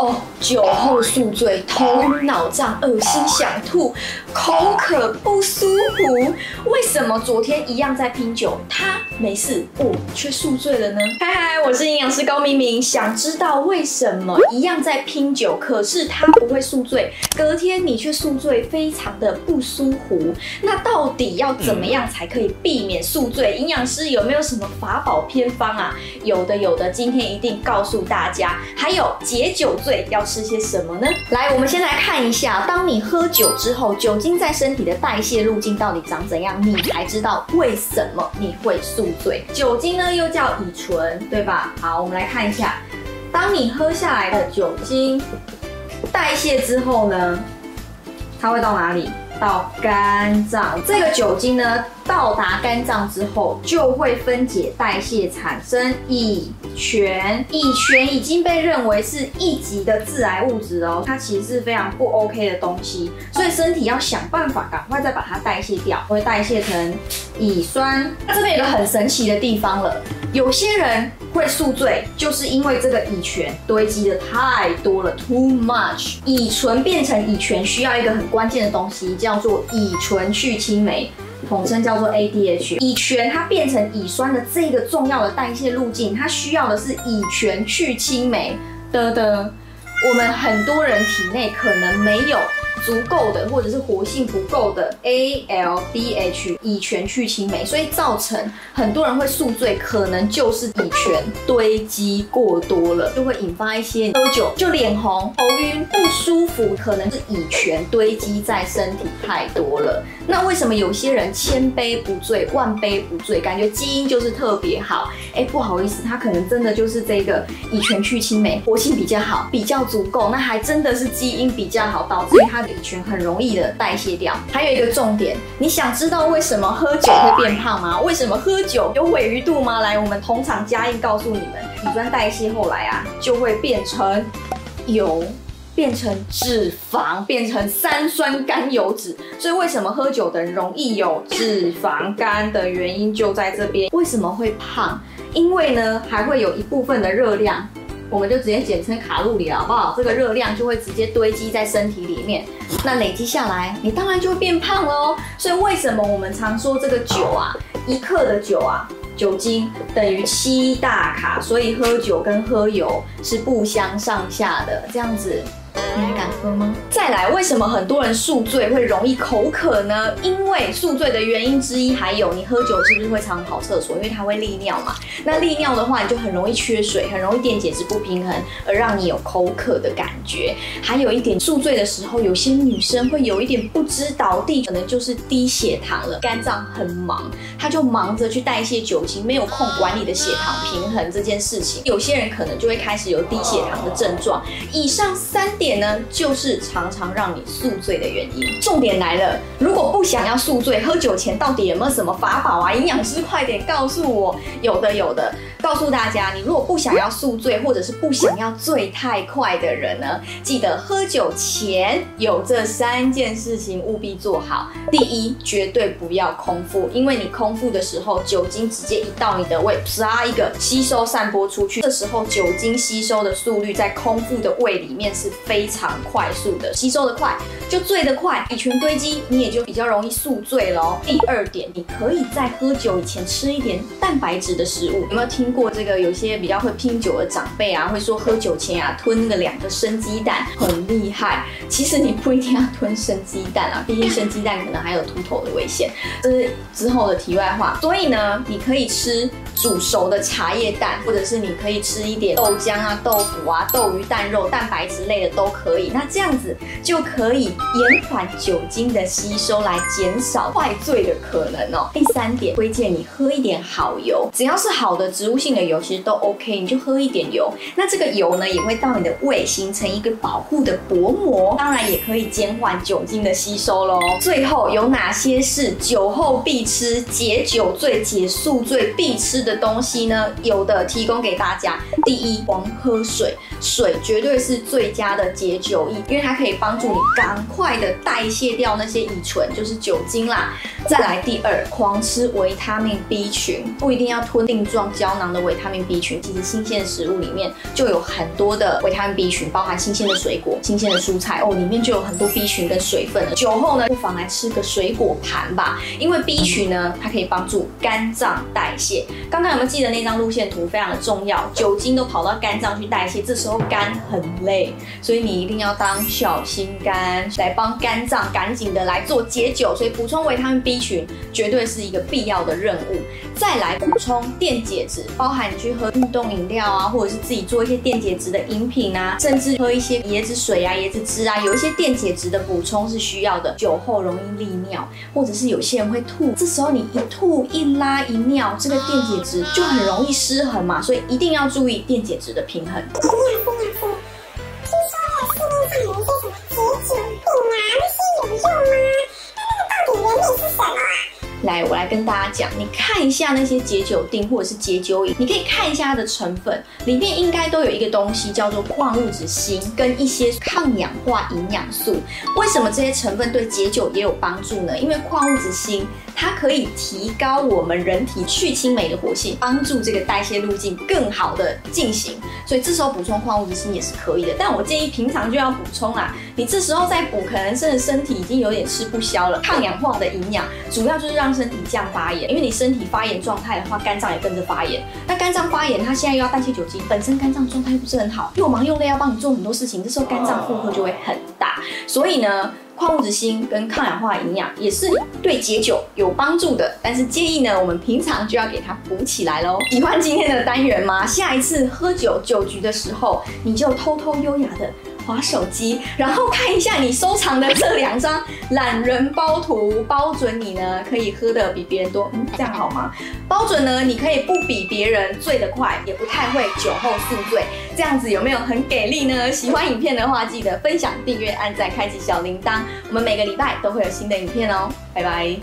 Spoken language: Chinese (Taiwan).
哦，酒後宿醉，頭昏腦脹，噁心，想吐，口渴，不舒服。為什麼昨天一樣在拼酒，他沒事，我、哦、卻宿醉了呢？嗨嗨，我是營養師高敏敏。想知道為什麼一樣在拼酒，可是他不會宿醉，隔天你卻宿醉，非常的不舒服。那到底要怎麼樣才可以避免宿醉？營養師有沒有什麼法寶偏方啊？有的，有的，今天一定告訴大家。還有解酒醉對，要吃些什麼呢？來，我們先來看一下，當你喝酒之後，酒精在身體的代謝路徑到底長怎樣，你才知道為什麼你會宿醉。酒精呢，又叫乙醇，對吧？好，我們來看一下，當你喝下來的酒精代謝之後呢，它會到哪裡？到肝臟。這個酒精呢，到達肝臟之後，就會分解代謝產生乙醛。乙醛已經被認為是一級的致癌物質哦，它其實是非常不 OK 的東西，所以身體要想辦法趕快再把它代謝掉，會代謝成乙酸。那這邊有一個很神奇的地方了，有些人會宿醉，就是因為這個乙醛堆積的太多了，too much。乙醇變成乙醛需要一個很關鍵的東西，叫做乙醇去氫酶統稱叫做 ADH，乙醛它變成乙酸的這個重要的代謝路徑，它需要的是乙醛去氫酶的、的，我們很多人體內可能沒有。足夠的，或者是活性不夠的 ALDH 乙醛去氫酶，所以造成很多人會宿醉，可能就是乙醛堆積過多了，就會引發一些喝酒就臉紅、頭暈不舒服，可能是乙醛堆積在身體太多了。那為什麼有些人千杯不醉、萬杯不醉，感覺基因就是特別好？哎，不好意思，他可能真的就是這個乙醛去氫酶，活性比較好，比較足夠，那還真的是基因比較好，導致於他。很容易的代謝掉。還有一個重點，你想知道為什麼喝酒會變胖嗎？為什麼喝酒有鮪魚肚嗎？來，我們同場加映告訴你們，乙酸代謝後來啊，就會變成油，變成脂肪，變成三酸甘油脂。所以為什麼喝酒的人容易有脂肪肝的原因就在這邊。為什麼會胖？因為呢，還會有一部分的熱量。我們就直接簡稱卡路里了，好不好？這個熱量就會直接堆積在身體裡面，那累積下來，你當然就會變胖嘍。所以為什麼我們常說這個酒啊，一克的酒啊，酒精等於七大卡，所以喝酒跟喝油是不相上下的，這樣子。你還敢喝嗎？再來，為什麼很多人宿醉會容易口渴呢？因為宿醉的原因之一還有，你喝酒是不是會常跑廁所？因為它會利尿嘛。那利尿的話，你就很容易缺水，很容易電解質不平衡，而讓你有口渴的感覺。還有一點，宿醉的時候，有些女生會有一點不支倒地，可能就是低血糖了。肝臟很忙，她就忙着去代謝酒精，沒有空管你的血糖平衡這件事情。有些人可能就會開始有低血糖的症狀。以上三。點呢，就是常常讓你宿醉的原因。重點來了，如果不想要宿醉，喝酒前到底有沒有什麼法寶啊？營養師，快點告訴我。有的，有的。告訴大家，你如果不想要宿醉，或者是不想要醉太快的人呢，記得喝酒前有這三件事情務必做好。第一，絕對不要空腹，因為你空腹的時候，酒精直接一到你的胃，刷一個吸收散播出去，這時候酒精吸收的速率在空腹的胃裡面是非常快速的。吸收的快，就醉的快，乙醛堆積，你也就比較容易宿醉咯。第二點，你可以在喝酒以前吃一點蛋白質的食物。有沒有聽過這個？有些比較會拼酒的長輩啊，會說喝酒前啊吞了兩個生雞蛋，很厲害。其實你不一定要吞生雞蛋啊，畢竟生雞蛋可能還有禿頭的危險，這是之後的題外話。所以呢，你可以吃煮熟的茶葉蛋，或者是你可以吃一點豆漿啊、豆腐啊、豆魚蛋肉、蛋白質類的。都可以，那這樣子就可以延緩酒精的吸收，來減少壞醉的可能哦、喔。第三點，推薦你喝一點好油，只要是好的植物性的油，其實都 OK，你就喝一點油。那這個油呢，也會到你的胃形成一個保護的薄膜，當然也可以減緩酒精的吸收嘍。最後有哪些是酒後必吃、解酒醉、解宿醉必吃的東西呢？有的，提供給大家。第一，光喝水，水絕對是最佳的。解酒液，因為它可以幫助你趕快的代謝掉那些乙醇，就是酒精啦。再來第二，狂吃維他命 B 群，不一定要吞錠狀膠囊的維他命 B 群，其實新鮮的食物裡面就有很多的維他命 B 群，包含新鮮的水果、新鮮的蔬菜哦，裡面就有很多 B 群跟水分了。酒後呢，不妨來吃個水果盤吧，因為 B 群呢，它可以幫助肝臟代謝。剛剛有沒有記得那張路線圖？非常的重要，酒精都跑到肝臟去代謝，這時候肝很累，所以。你一定要當小心肝來幫肝臟，趕緊的來做解酒，所以補充維他命 B 群絕對是一個必要的任務。再來補充電解質，包含你去喝運動飲料啊，或者是自己做一些電解質的飲品啊，甚至喝一些椰子水啊、椰子汁啊，有一些電解質的補充是需要的。酒後容易利尿，或者是有些人會吐，這時候你一吐一拉一尿，這個電解質就很容易失衡嘛，所以一定要注意電解質的平衡。 來，我來跟大家講，你看一下那些解酒錠或者是解酒飲，你可以看一下它的成分，裡面應該都有一個東西叫做礦物質鋅跟一些抗氧化營養素。為什麼這些成分對解酒也有幫助呢？因為礦物質鋅。它可以提高我們人體去氫酶的活性，幫助這個代謝路徑更好的進行。所以這時候補充礦物質鋅也是可以的，但我建議平常就要補充啦、啊。你這時候再補，可能甚至身體已經有點吃不消了。抗氧化的營養主要就是讓身體降發炎，因為你身體發炎狀態的話，肝臟也跟着發炎。那肝臟發炎，它現在又要代謝酒精，本身肝臟狀態又不是很好，又忙又累，要幫你做很多事情，這時候肝臟負荷就會很大。哦、所以呢。礦物質鋅跟抗氧化營養也是對解酒有幫助的，但是建議呢，我們平常就要給它補起來嘍。喜歡今天的單元嗎？下一次喝酒酒局的時候，你就偷偷優雅的。玩手機，然後看一下你收藏的這兩張懶人包圖，包準你呢可以喝得比別人多。嗯，這樣好嗎？包準呢，你可以不比別人醉得快，也不太會酒後宿醉。這樣子有沒有很給力呢？喜歡影片的話，記得分享、訂閱、按讚、開啟小鈴鐺。我們每個禮拜都會有新的影片哦，拜拜。